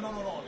No, no, no.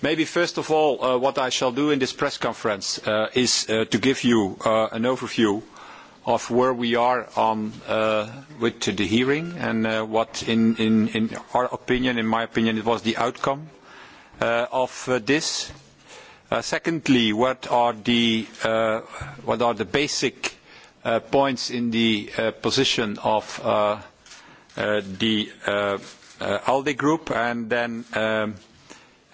Maybe first of all, what I shall do in this press conference is to give you an overview of where we are on with the hearing and what in our opinion, in my opinion, it was the outcome of this. Secondly, what are the basic points in the position of the ALDE Group? And then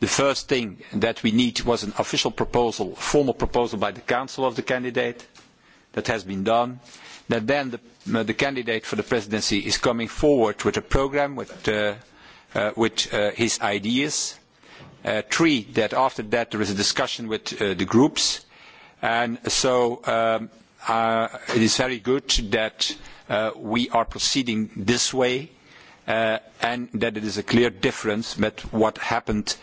the first thing that we need was an official proposal, a formal proposal by the Council of the candidate. That has been done. That then the, the candidate for the presidency is coming forward with a programme, with, uh, uh, with uh, his ideas. Uh, three, that after that there is a discussion with uh, the groups. And so um, uh, it is very good that uh, we are proceeding this way and that it is a clear difference with what happened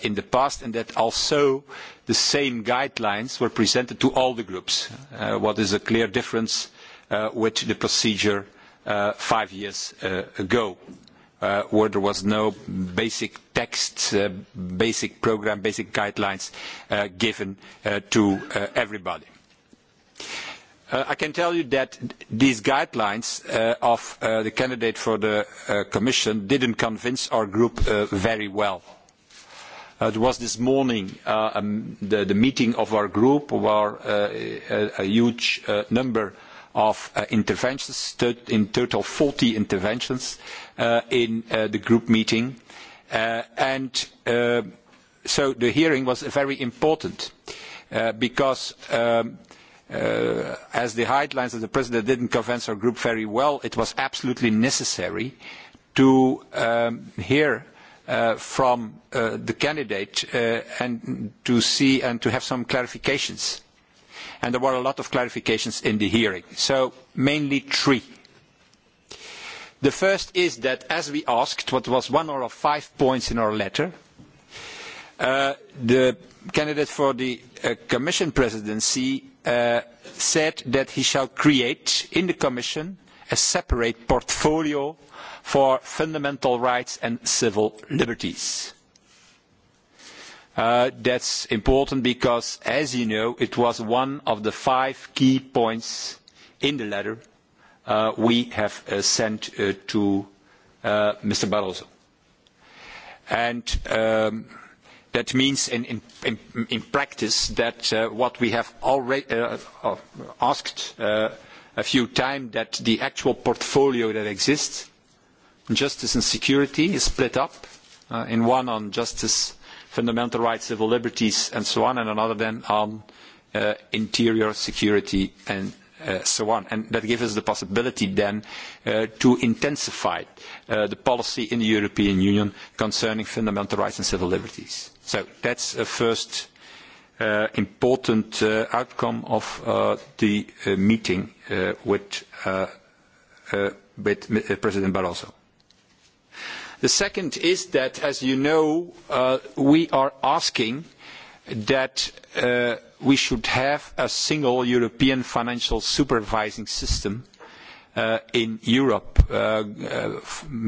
in the past, and that also the same guidelines were presented to all the groups. What is a clear difference with the procedure five years ago, where there was no basic text, basic program, basic guidelines given to everybody. I can tell you that these guidelines of the candidate for the Commission didn't convince our group very well. It was this morning the meeting of our group where a huge number of interventions, in total forty interventions in the group meeting. And so the hearing was very important because as the guidelines of the president didn't convince our group very well, it was absolutely necessary to hear from the candidate and to see and to have some clarifications. And there were a lot of clarifications in the hearing. So mainly three. The first is that as we asked, what was one or five points in our letter, the candidate for the Commission presidency said that he shall create in the Commission a separate portfolio for fundamental rights and civil liberties. That is important because, as you know, it was one of the five key points in the letter we have sent to Mr. Barroso. That means in practice that what we have already asked a few times, that the actual portfolio that exists, justice and security, is split up in one on justice, fundamental rights, civil liberties, and so on, and another then on interior security and so on. And that gives us the possibility then to intensify the policy in the European Union concerning fundamental rights and civil liberties. So that's a first important outcome of the meeting with, President Barroso. The second is that, as you know, we are asking that we should have a single European financial supervising system in Europe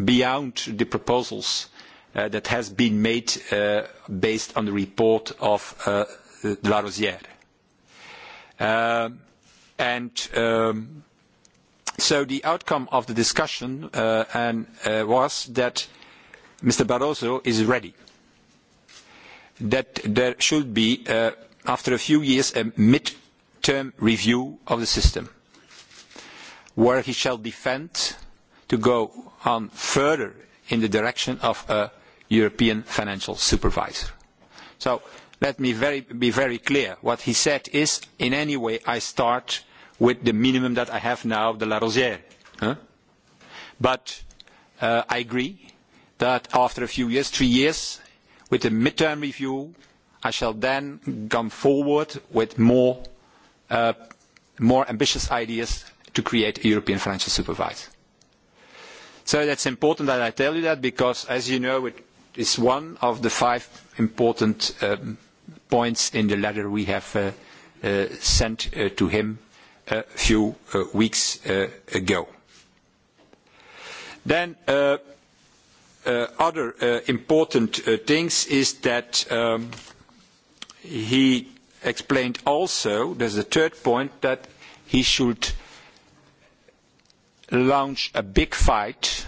beyond the proposals that has been made based on the report of Larosière. And so the outcome of the discussion was that Mr. Barroso is ready that there should be, after a few years, a mid-term review of the system, where he shall defend to go on further in the direction of a European financial supervisor. So let me be very clear. What he said is, in any way, I start with the minimum that I have now, the La Rosière. But I agree that after a few years, three years, With the mid term review, I shall then come forward with more, ambitious ideas to create a European financial supervisor. So that's important that I tell you that because, as you know, it is one of the five important points in the letter we have sent to him a few weeks ago. Then other important things is that he explained also, there's a third point, that he should launch a big fight.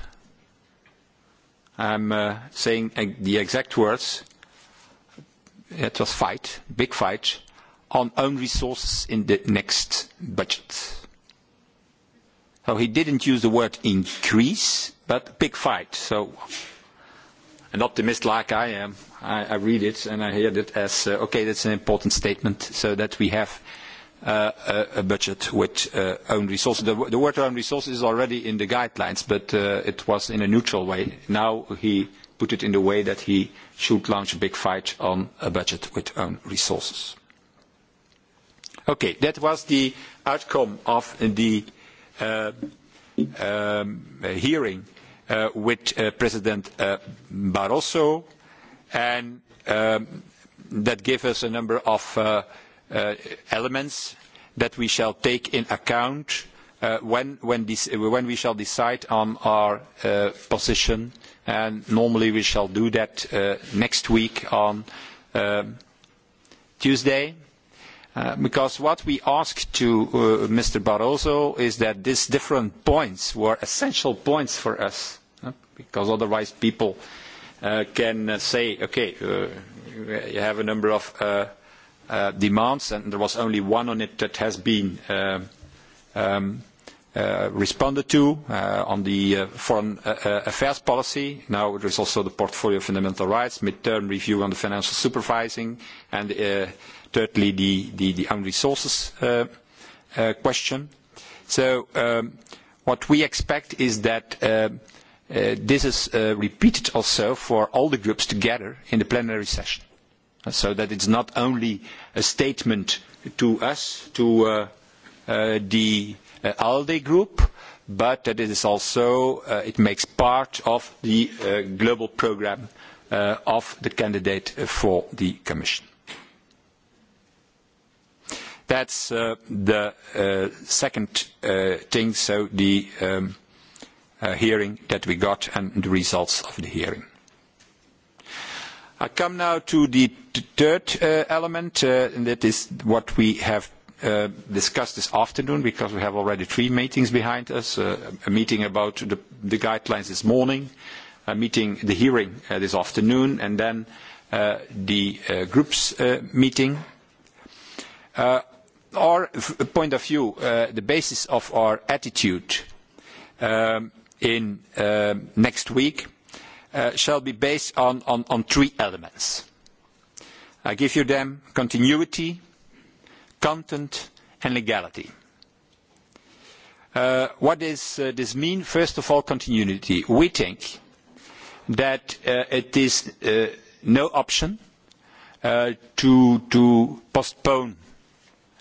I'm saying the exact words. It was fight, big fight, on own resources in the next budget So he didn't use the word increase, but big fight. So an optimist like I am, I, I read it and I hear it as, uh, okay, that's an important statement so that we have uh, a, a budget with uh, own resources. The, the word own resources is already in the guidelines, but uh, it was in a neutral way. Now he put it in the way that he should launch a big fight on a budget with own resources. Okay, that was the outcome of the uh, hearing with President Barroso, and that gave us a number of elements that we shall take in account when we shall decide on our position, and normally we shall do that next week on Tuesday, because what we ask to Mr. Barroso is that these different points were essential points for us, because otherwise people can say, okay, you have a number of demands, and there was only one on it that has been responded to on the foreign affairs policy. Now there is also the portfolio of fundamental rights, mid term review on the financial supervising, and thirdly, the own resources question. So what we expect is that this is repeated also for all the groups together in the plenary session, so that it's not only a statement to us, to the ALDE group, but that it is also, it makes part of the global program of the candidate for the commission. That's the second thing, so the hearing that we got and the results of the hearing. I come now to the third element, and that is what we have discussed this afternoon because we have already three meetings behind us. A meeting about the guidelines this morning, a meeting, the hearing this afternoon, and then the groups meeting our point of view, the basis of our attitude in next week shall be based on three elements. I give you them continuity, content, and legality. What does this mean? First of all, continuity. We think that it is no option to postpone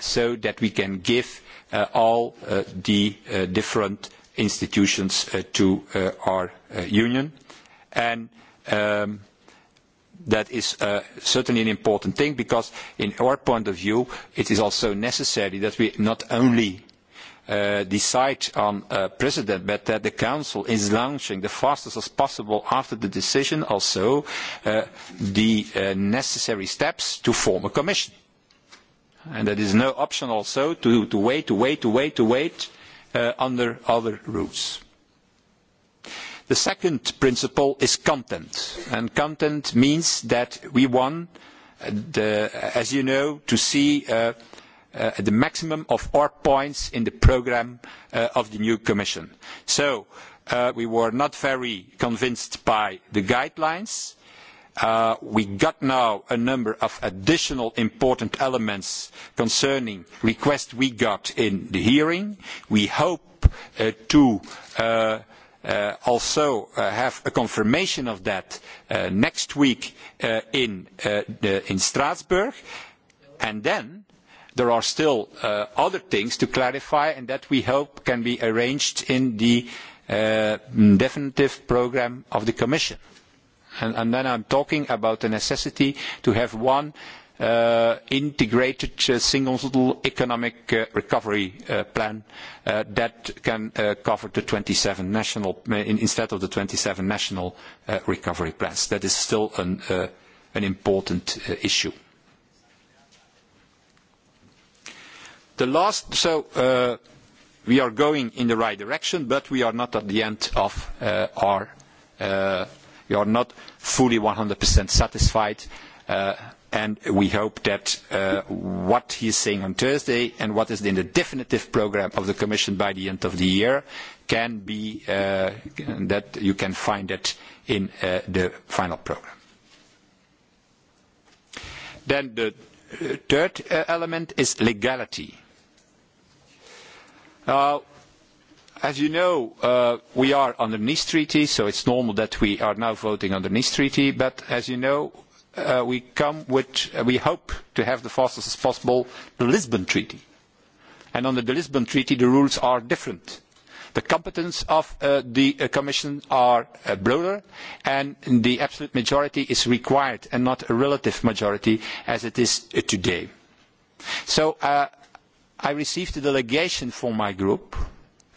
so that we can give all the different institutions to our union. And that is certainly an important thing because in our point of view, it is also necessary that we not only decide on a president, but that the council is launching the fastest as possible after the decision also the necessary steps to form a commission and that is no option also to, to wait, to wait, to wait, to wait uh, under other routes. The second principle is content, and content means that we want, the, as you know, to see uh, uh, the maximum of our points in the program uh, of the new Commission. So uh, we were not very convinced by the guidelines, we got now a number of additional important elements concerning requests we got in the hearing. We hope to also have a confirmation of that next week in Strasbourg. And then there are still other things to clarify, and that we hope can be arranged in the definitive programme of the Commission and then I'm talking about the necessity to have one integrated single economic recovery plan that can cover the 27 national instead of the 27 national recovery plans. That is still an important issue. The last, so we are going in the right direction, but we are not at the end of our We are not fully 100% satisfied, and we hope that what he is saying on Thursday and what is in the definitive program of the Commission by the end of the year can be that you can find it in the final program. Then the third element is legality. As you know, we are under Nice Treaty, so it's normal that we are now voting under Nice Treaty. But as you know, we come with, we hope to have the fastest as possible the Lisbon Treaty. And under the Lisbon Treaty, the rules are different. The competence of the Commission are broader, and the absolute majority is required and not a relative majority as it is today. So I received a delegation from my group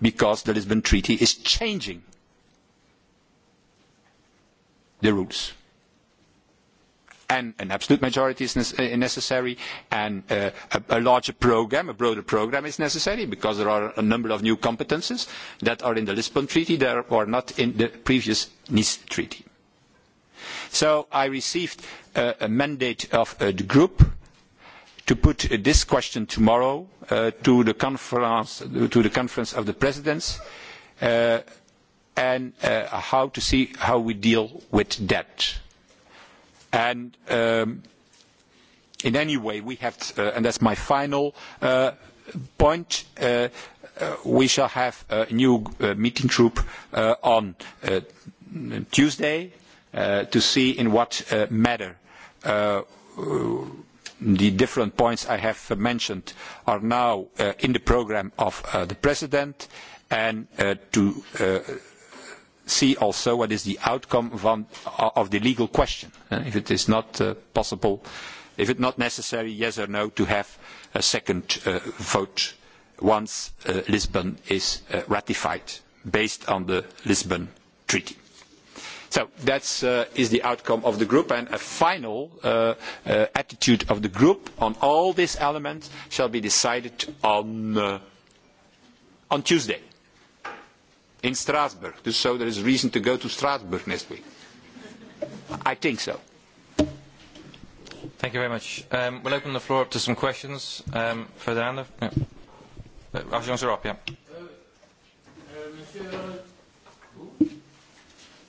because the Lisbon Treaty is changing the rules. And an absolute majority is necessary, and a larger programme, a broader programme is necessary, because there are a number of new competences that are in the Lisbon Treaty that are not in the previous Nice Treaty. So I received a mandate of the group to put this question tomorrow to the conference of the presidents and how to see how we deal with that. And in any way, we have, to, and that's my final point, we shall have a new meeting group on Tuesday to see in what matter the different points I have mentioned are now in the programme of the President and to see also what is the outcome of the legal question. If it is not possible, if it is not necessary, yes or no, to have a second vote once Lisbon is ratified based on the Lisbon Treaty. So That is the outcome of the group, and a final attitude of the group on all these elements shall be decided on Tuesday in Strasbourg. So there is reason to go to Strasbourg next week. I think so. Thank you very much. Um, we'll open the floor up to some questions. further down the... Yeah. Uh, Monsieur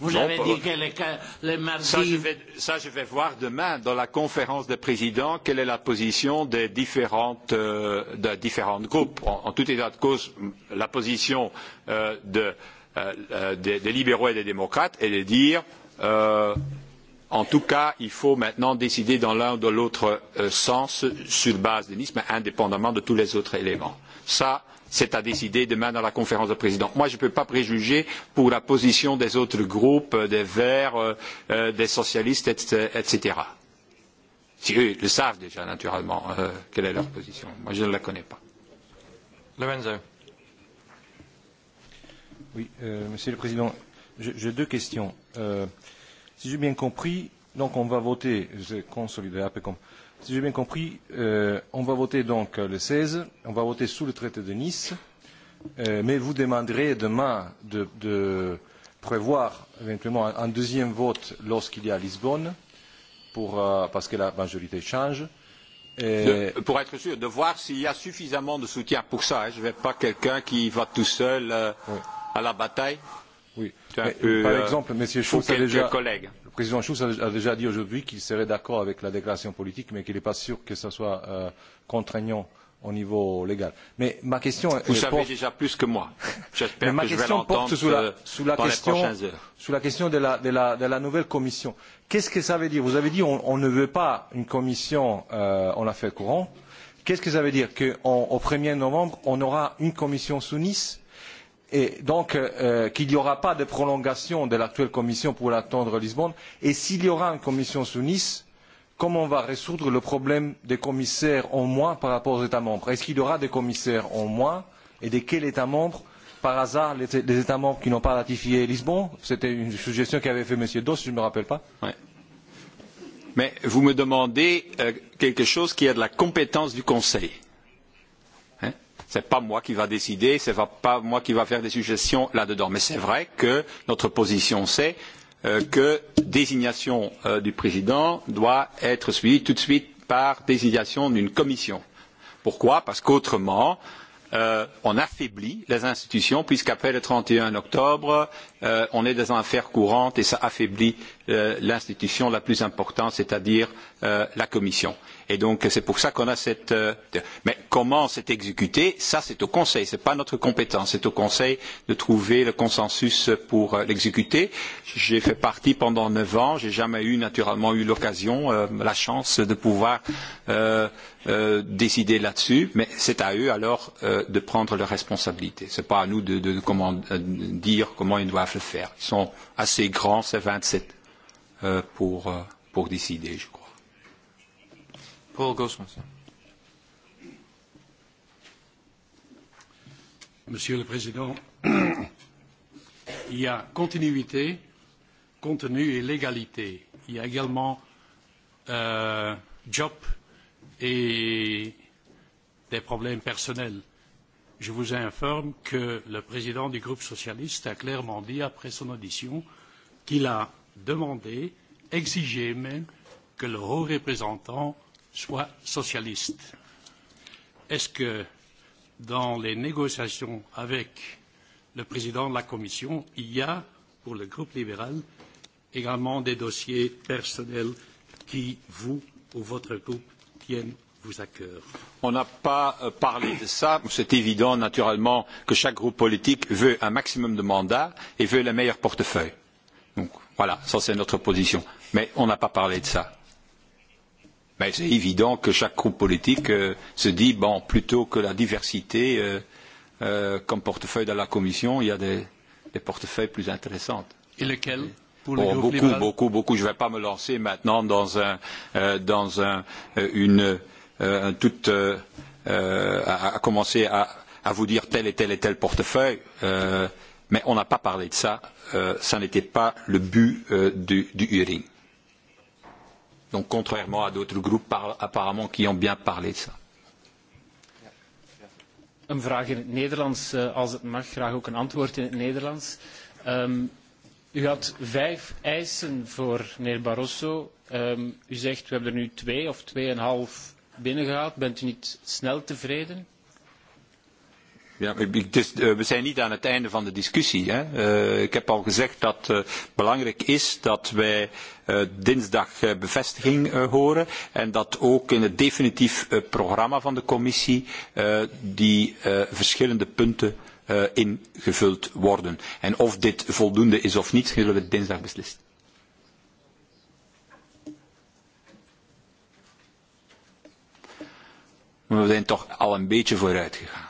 Vous avez dit que les, mardis. Ça je, vais, voir demain dans la conférence des présidents quelle est la position des différentes, de différents groupes. En, tout état de cause, la position des, libéraux et des démocrates est de dire en tout cas, il faut maintenant décider dans l'un ou dans l'autre sens sur base de Nice, mais indépendamment de tous les autres éléments. Ça, c'est à décider demain dans la conférence de présidents. Moi, je ne peux pas préjuger pour la position des autres groupes, des Verts, des socialistes, etc. Si eux le savent déjà, naturellement, quelle est leur position. Moi, je ne la connais pas. Lorenzo. Oui, Monsieur le Président, j'ai deux questions. si j'ai bien compris, donc on va voter, consolidé un peu comme Si j'ai bien compris, euh, on va voter donc le 16, on va voter sous le traité de Nice, euh, mais vous demanderez demain de, de prévoir éventuellement un, un deuxième vote lorsqu'il y a Lisbonne, pour, euh, parce que la majorité change. Et... De, pour être sûr, de voir s'il y a suffisamment de soutien pour ça. Hein. Je ne vais pas quelqu'un qui va tout seul euh, oui. à la bataille. Oui. Mais, peu, par exemple, M. Schulz a déjà président Schulz a déjà dit aujourd'hui qu'il serait d'accord avec la déclaration politique, mais qu'il n'est pas sûr que ce soit contraignant au niveau légal. Mais ma question Vous savez déjà plus que moi. J'espère que je vais l'entendre sous la, sous la dans question, les prochaines heures. Sous la question de la, de la, de la nouvelle commission. Qu'est-ce que ça veut dire Vous avez dit on, on ne veut pas une commission euh, en affaires courantes. Qu'est-ce que ça veut dire Qu'au 1er novembre, on aura une commission sous Nice et donc qu'il n'y aura pas de prolongation de l'actuelle commission pour attendre Lisbonne. Et s'il y aura une commission sous Nice, comment on va résoudre le problème des commissaires en moins par rapport aux États membres Est-ce qu'il y aura des commissaires en moins et de quel État membre par hasard les États membres qui n'ont pas ratifié Lisbonne C'était une suggestion qu'avait fait M. Doss, je ne me rappelle pas. Mais vous me demandez quelque chose qui a de la compétence du Conseil Ce n'est pas moi qui va décider, ce n'est pas moi qui va faire des suggestions là-dedans. Mais c'est vrai que notre position, c'est que désignation du président doit être suivie tout de suite par désignation d'une commission. Pourquoi Parce qu'autrement, on affaiblit les institutions, puisqu'après le trente et un octobre, on est dans une affaire courante et cela affaiblit l'institution la plus importante, c'est-à-dire la Commission. Et donc c'est pour ça qu'on a cette. Mais comment c'est exécuté Ça c'est au Conseil. Ce n'est pas notre compétence. C'est au Conseil de trouver le consensus pour l'exécuter. J'ai fait partie pendant neuf ans. J'ai jamais eu naturellement eu l'occasion, la chance de pouvoir décider là-dessus. Mais c'est à eux alors de prendre leurs responsabilités. Ce n'est pas à nous de, de, comment, dire comment ils doivent le faire. Ils sont assez grands, ces 27 euh, pour, pour décider, je crois. Paul Gosmussen. Monsieur le Président, il y a continuité, contenu et légalité. Il y a également euh, job et des problèmes personnels. Je vous informe que le président du groupe socialiste a clairement dit après son audition qu'il a demandé, exigé même, que le haut représentant soit socialiste. Est-ce que dans les négociations avec le président de la Commission, il y a, pour le groupe libéral, également des dossiers personnels qui, vous ou votre groupe, tiennent vous à cœur On n'a pas parlé de cela. C'est évident, naturellement, que chaque groupe politique veut un maximum de mandats et veut le meilleur portefeuille. Donc voilà, ça c'est notre position. Mais on n'a pas parlé de cela Mais c'est évident que chaque groupe politique se dit bon, plutôt que la diversité comme portefeuille dans la Commission, il y a des, portefeuilles plus intéressantes. Et lesquels Beaucoup, beaucoup, beaucoup. Je ne vais pas me lancer maintenant dans un, dans un, une, un tout, à, commencer à, à vous dire tel et tel et tel portefeuille. mais on n'a pas parlé de ça. ça n'était pas le but du, du hearing. Donc contrairement à d'autres groupes apparemment qui ont bien parlé de ça. Een vraag in het Nederlands, als het mag, graag ook een antwoord in het Nederlands. u had vijf eisen voor meneer Barroso. u zegt we hebben er nu twee of tweeënhalf binnengehaald. Bent u niet snel tevreden? Ja, dus, we zijn niet aan het einde van de discussie. Hè. Uh, ik heb al gezegd dat het uh, belangrijk is dat wij uh, dinsdag uh, bevestiging uh, horen en dat ook in het definitief uh, programma van de commissie uh, die uh, verschillende punten uh, ingevuld worden. En of dit voldoende is of niet, zullen we dinsdag beslissen. Maar we zijn toch al een beetje vooruit gegaan.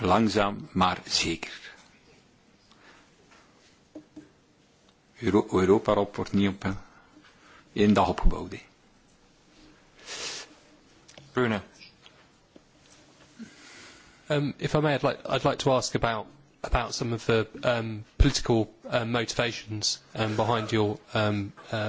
Langzaam, maar zeker. Europa-Rob wordt niet op één dag opgebouwd. Bruno. Um, if I may, I'd like, I'd like to ask about about some of the um, political uh, motivations um, behind your um, uh,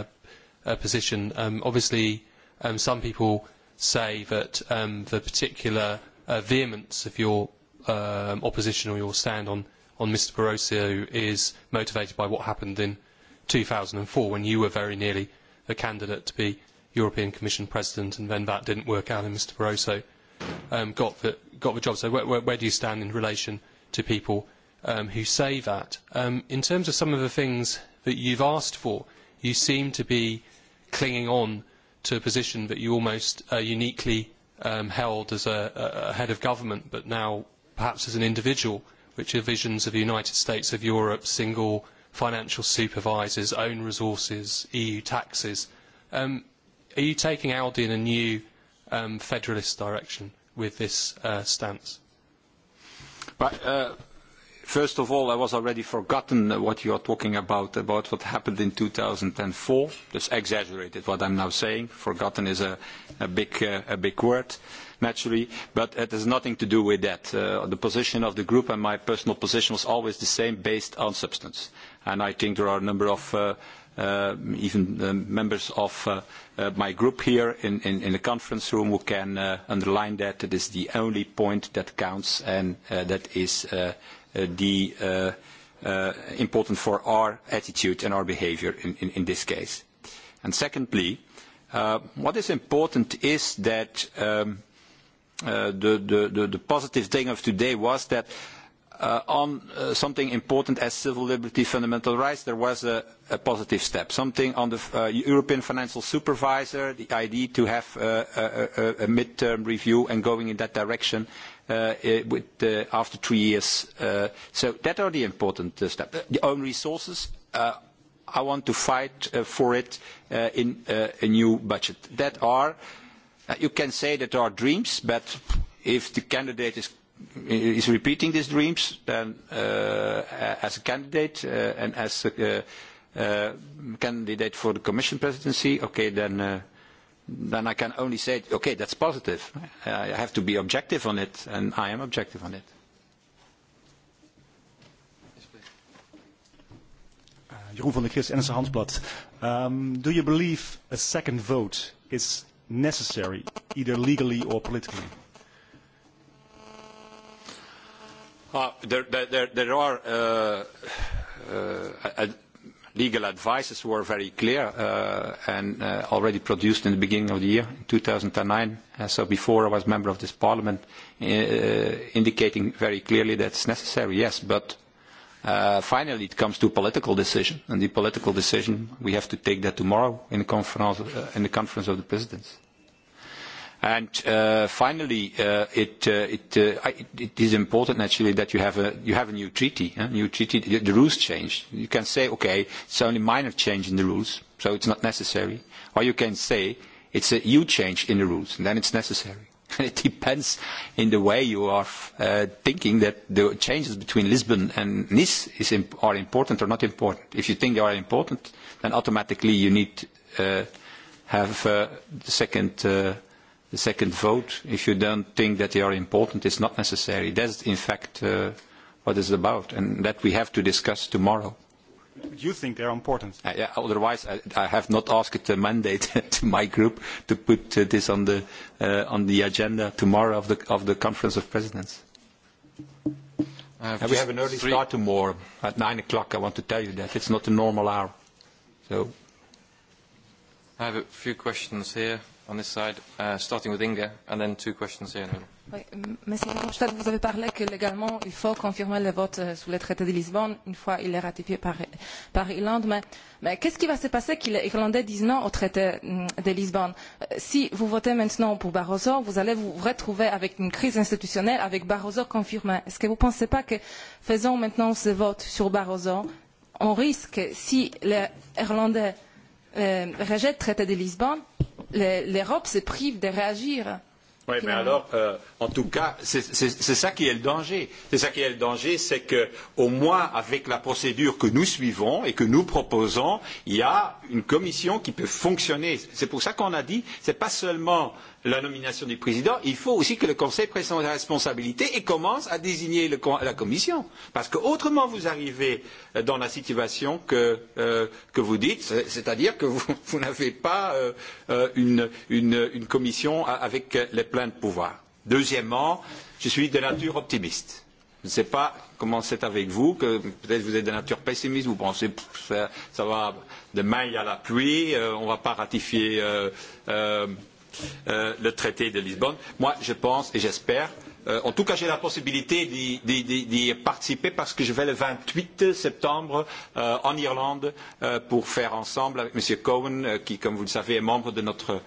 uh, position. Um, obviously, um, some people say that um, the particular uh, vehemence of your um, opposition or your stand on, on Mr Barroso is motivated by what happened in 2004 when you were very nearly a candidate to be European Commission President and then that didn't work out and Mr Barroso um, got, the, got the job. So where, where, where do you stand in relation to people um, who say that? Um, in terms of some of the things that you've asked for, you seem to be clinging on to a position that you almost uh, uniquely um, held as a, a head of government, but now perhaps as an individual, which are visions of the United States of Europe, single financial supervisors, own resources, EU taxes. Um, are you taking Aldi in a new um, federalist direction with this uh, stance? But, uh, First of all, I was already forgotten what you are talking about, about what happened in 2004. Just exaggerated what I'm now saying. Forgotten is a big word, naturally, but it has nothing to do with that. The position of the group and my personal position was always the same based on substance. And I think there are a number of even members of my group here in the conference room who can underline that. It is the only point that counts, and that is the important for our attitude and our behavior in this case. secondly, what is important is that the positive thing of today was that on something important as civil liberty, fundamental rights, there was a positive step. Something on the European Financial Supervisor, the idea to have a mid term review and going in that direction with after three years. So that are the important steps. The own resources, I want to fight for it in a new budget. That are, you can say that are dreams, but if the candidate is is repeating these dreams, then as a candidate and as a candidate for the Commission presidency, okay, then then I can only say, okay, that's positive. I have to be objective on it, and I am objective on it. Jeroen van der Kris, NRC Handelsblad. do you believe a second vote is necessary, either legally or politically? Uh, there, are legal advices were very clear and already produced in the beginning of the year, 2009, so before I was member of this parliament, indicating very clearly that it's necessary, yes, but finally it comes to political decision, and the political decision, we have to take that tomorrow in the conference of the presidents And Finally, it is important naturally that you have a new treaty. New treaty, the rules change. You can say, "Okay, it's only minor change in the rules, so it's not necessary." Or you can say, "It's a huge change in the rules, and then it's necessary." It depends in the way you are thinking that the changes between Lisbon and Nice are important or not important. If you think they are important, then automatically you need have the second the second vote, if you don't think that they are important, is not necessary. That's in fact uh, what it's about, and that we have to discuss tomorrow. Do you think they're important? Uh, yeah, otherwise, I, I have not asked a mandate to my group to put uh, this on the uh, on the agenda tomorrow of the of the conference of presidents. we have an early three... start tomorrow at nine o'clock. I want to tell you that it's not a normal hour. So, I have a few questions here on this side, uh, starting with Inga, and then two questions here. Oui, Monsieur Verhofstadt, vous avez parlé que légalement, il faut confirmer le vote sur le traité de Lisbonne une fois il est ratifié par, par l'Irlande. Mais, mais qu'est-ce qui va se passer que les Irlandais disent non au traité de Lisbonne Si vous votez maintenant pour Barroso, vous allez vous retrouver avec une crise institutionnelle, avec Barroso confirmé. Est-ce que vous ne pensez pas que faisons maintenant ce vote sur Barroso, on risque, si les Irlandais euh, rejettent le traité de Lisbonne, l'Europe se prive de réagir. Oui, mais alors, en tout cas, c'est ça qui est le danger. C'est ça qui est le danger, c'est que, au moins, avec la procédure que nous suivons et que nous proposons, il y a une commission qui peut fonctionner. C'est pour ça qu'on a dit, ce n'est pas seulement la nomination du président, il faut aussi que le Conseil prenne ses responsabilités et commence à désigner la Commission. Parce que autrement vous arrivez dans la situation que, vous dites, c'est-à-dire que vous, n'avez pas une, Commission avec les pleins de pouvoir. Deuxièmement, je suis de nature optimiste. Je ne sais pas comment c'est avec vous, que peut-être vous êtes de nature pessimiste, vous pensez que ça va de maille à la pluie, on ne va pas ratifier le traité de Lisbonne. Moi, je pense et j'espère en tout cas, j'ai la possibilité d'y participer parce que je vais le vingt huit septembre en Irlande pour faire ensemble avec M. Cohen, qui, comme vous le savez, est membre de notre,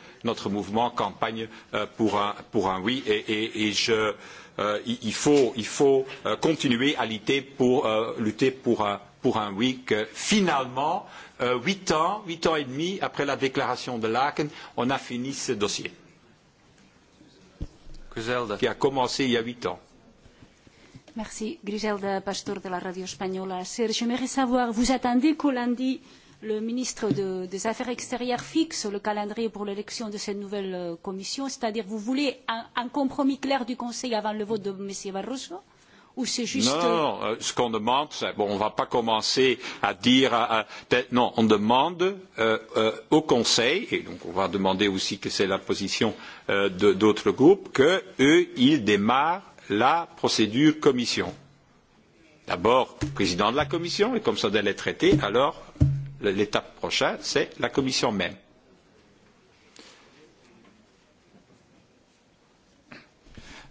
mouvement campagne pour, un, oui. Et, il, faut, continuer à lutter pour, pour un oui que finalement, huit ans, huit ans et demi après la déclaration de Laken, on a fini ce dossier. Qui a commencé il y a huit ans. Merci. Griselda Pastor de la Radio Serge, J'aimerais savoir, vous attendez que lundi, le ministre des Affaires extérieures fixe le calendrier pour l'élection de cette nouvelle commission C'est-à-dire, vous voulez un, compromis clair du Conseil avant le vote de M. Barroso ou c'est juste... Non, non, non. ce qu'on demande, c'est... Bon, on ne va pas commencer à dire... non, on demande au Conseil, et donc on va demander aussi que c'est la position d'autres groupes, qu'eux, ils démarrent la procédure Commission. D'abord, président de la Commission, et comme ça, elle est traité, alors l'étape prochaine, c'est la Commission même.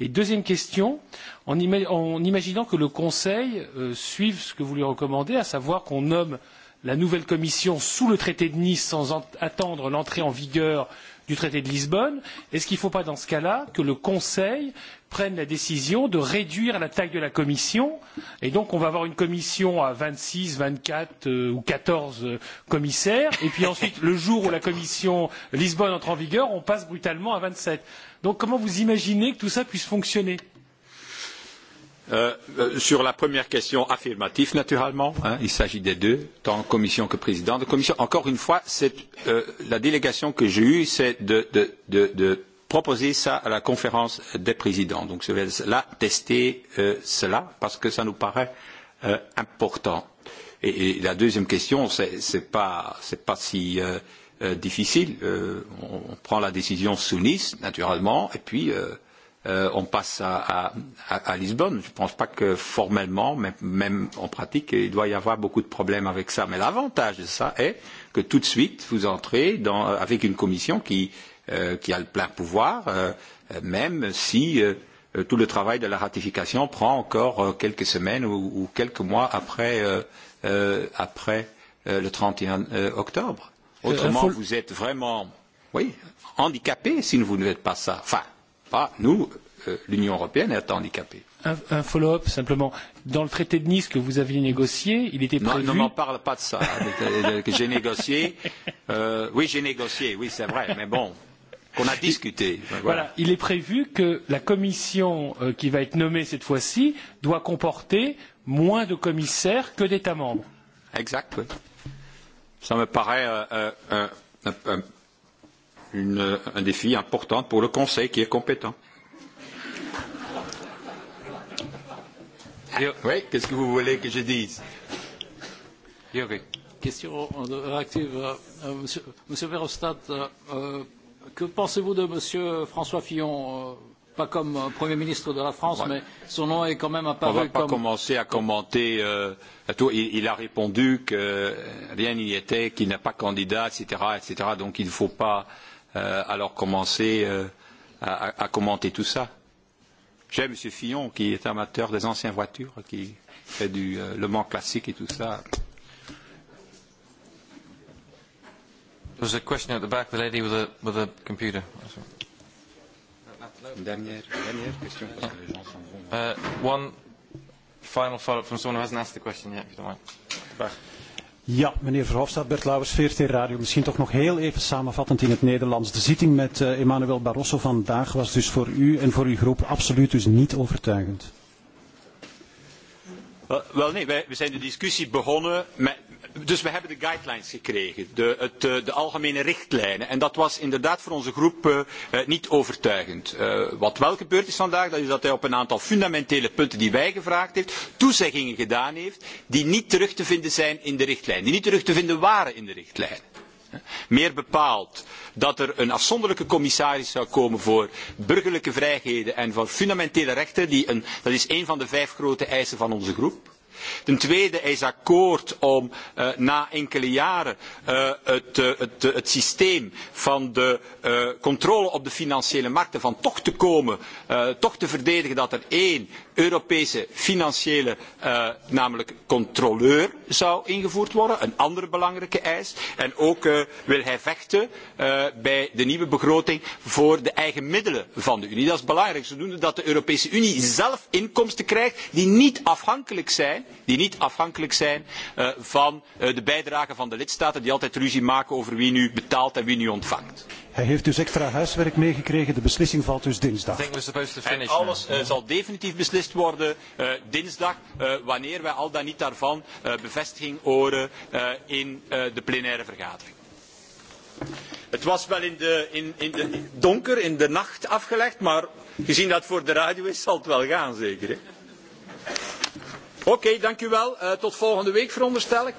Et deuxième question, en, imaginant que le Conseil suive ce que vous lui recommandez, à savoir qu'on nomme la nouvelle Commission sous le traité de Nice sans attendre l'entrée en vigueur du traité de Lisbonne, est-ce qu'il ne faut pas dans ce cas-là que le Conseil prennent la décision de réduire la taille de la commission et donc on va avoir une commission à vingt six vingt quatre ou quatorze commissaires et puis ensuite le jour où la commission Lisbonne entre en vigueur on passe brutalement à vingt sept. donc comment vous imaginez que tout cela puisse fonctionner? sur la première question, affirmatif naturellement. il s'agit des deux, tant commission que président de commission. Encore une fois, la délégation que j'ai eue, c'est de proposer ça à la conférence des présidents. Donc je vais là tester cela parce que ça nous paraît important. Et, la deuxième question, ce n'est pas, pas si difficile. on, prend la décision sous Nice, naturellement, et puis on passe à, Lisbonne. Je ne pense pas que formellement, mais même en pratique, il doit y avoir beaucoup de problèmes avec ça. Mais l'avantage de ça est que tout de suite, vous entrez avec une commission qui qui a le plein pouvoir, même si tout le travail de la ratification prend encore quelques semaines ou, quelques mois après, le trente et un octobre. Autrement, vous êtes vraiment oui, handicapé si vous ne faites pas ça. Enfin, pas nous, l'Union européenne est handicapée. Un, un follow-up simplement. Dans le traité de Nice que vous aviez négocié, il était prévu. Non, ne m'en parle pas de ça. j'ai négocié. Euh, oui, j'ai négocié. Oui, c'est vrai. Mais bon, qu'on a discuté. Voilà. Il est prévu que la commission qui va être nommée cette fois-ci doit comporter moins de commissaires que d'États membres. Exact. Oui. Ça me paraît euh, un défi important pour le Conseil qui est compétent. Oui, qu'est-ce que vous voulez que je dise Question réactive. Monsieur Monsieur Verhofstadt, euh, Que pensez-vous de Monsieur François Fillon Pas comme Premier ministre de la France, mais son nom est quand même apparu comme... On ne va pas commencer à commenter tout. Il, a répondu que rien n'y était, qu'il n'a pas candidat, etc., etc. Donc il ne faut pas alors commencer à, commenter tout ça. J'ai M. Fillon, qui est amateur des anciennes voitures, qui fait du Le Mans classique et tout ça. was a question at the back, the lady with the, with computer. one final follow-up from someone who hasn't asked the question yet, if you don't mind. Back. Ja, meneer Verhofstadt, Bert Lauwers, VRT Radio. Misschien toch nog heel even samenvattend in het Nederlands. De zitting met uh, Emmanuel Barroso vandaag was dus voor u en voor uw groep absoluut dus niet overtuigend. Wel nee, wij, we zijn de discussie begonnen. Met, dus we hebben de guidelines gekregen, de, het, de algemene richtlijnen. En dat was inderdaad voor onze groep uh, niet overtuigend. Uh, wat wel gebeurd is vandaag, dat is dat hij op een aantal fundamentele punten die wij gevraagd heeft, toezeggingen gedaan heeft die niet terug te vinden zijn in de richtlijn. Die niet terug te vinden waren in de richtlijn meer bepaald dat er een afzonderlijke commissaris zou komen voor burgerlijke vrijheden en voor fundamentele rechten. dat is een van de vijf grote eisen van onze groep. Ten tweede, hij is akkoord om na enkele jaren het, systeem van de controle op de financiële markten van toch te komen, toch te verdedigen dat er één Europese financiële, namelijk controleur, zou ingevoerd worden. Een andere belangrijke eis. En ook wil hij vechten bij de nieuwe begroting voor de eigen middelen van de Unie. Dat is belangrijk, zodoende dat de Europese Unie zelf inkomsten krijgt die niet afhankelijk zijn die niet afhankelijk zijn van de bijdrage van de lidstaten die altijd ruzie maken over wie nu betaalt en wie nu ontvangt. Hij heeft dus extra huiswerk meegekregen. De beslissing valt dus dinsdag. En alles zal definitief beslist worden dinsdag, wanneer wij al dan niet daarvan bevestiging horen in de plenaire vergadering. Het was wel in de, donker, in de nacht afgelegd, maar gezien dat het voor de radio is, zal het wel gaan zeker. Oké, dank u wel. tot volgende week veronderstel ik.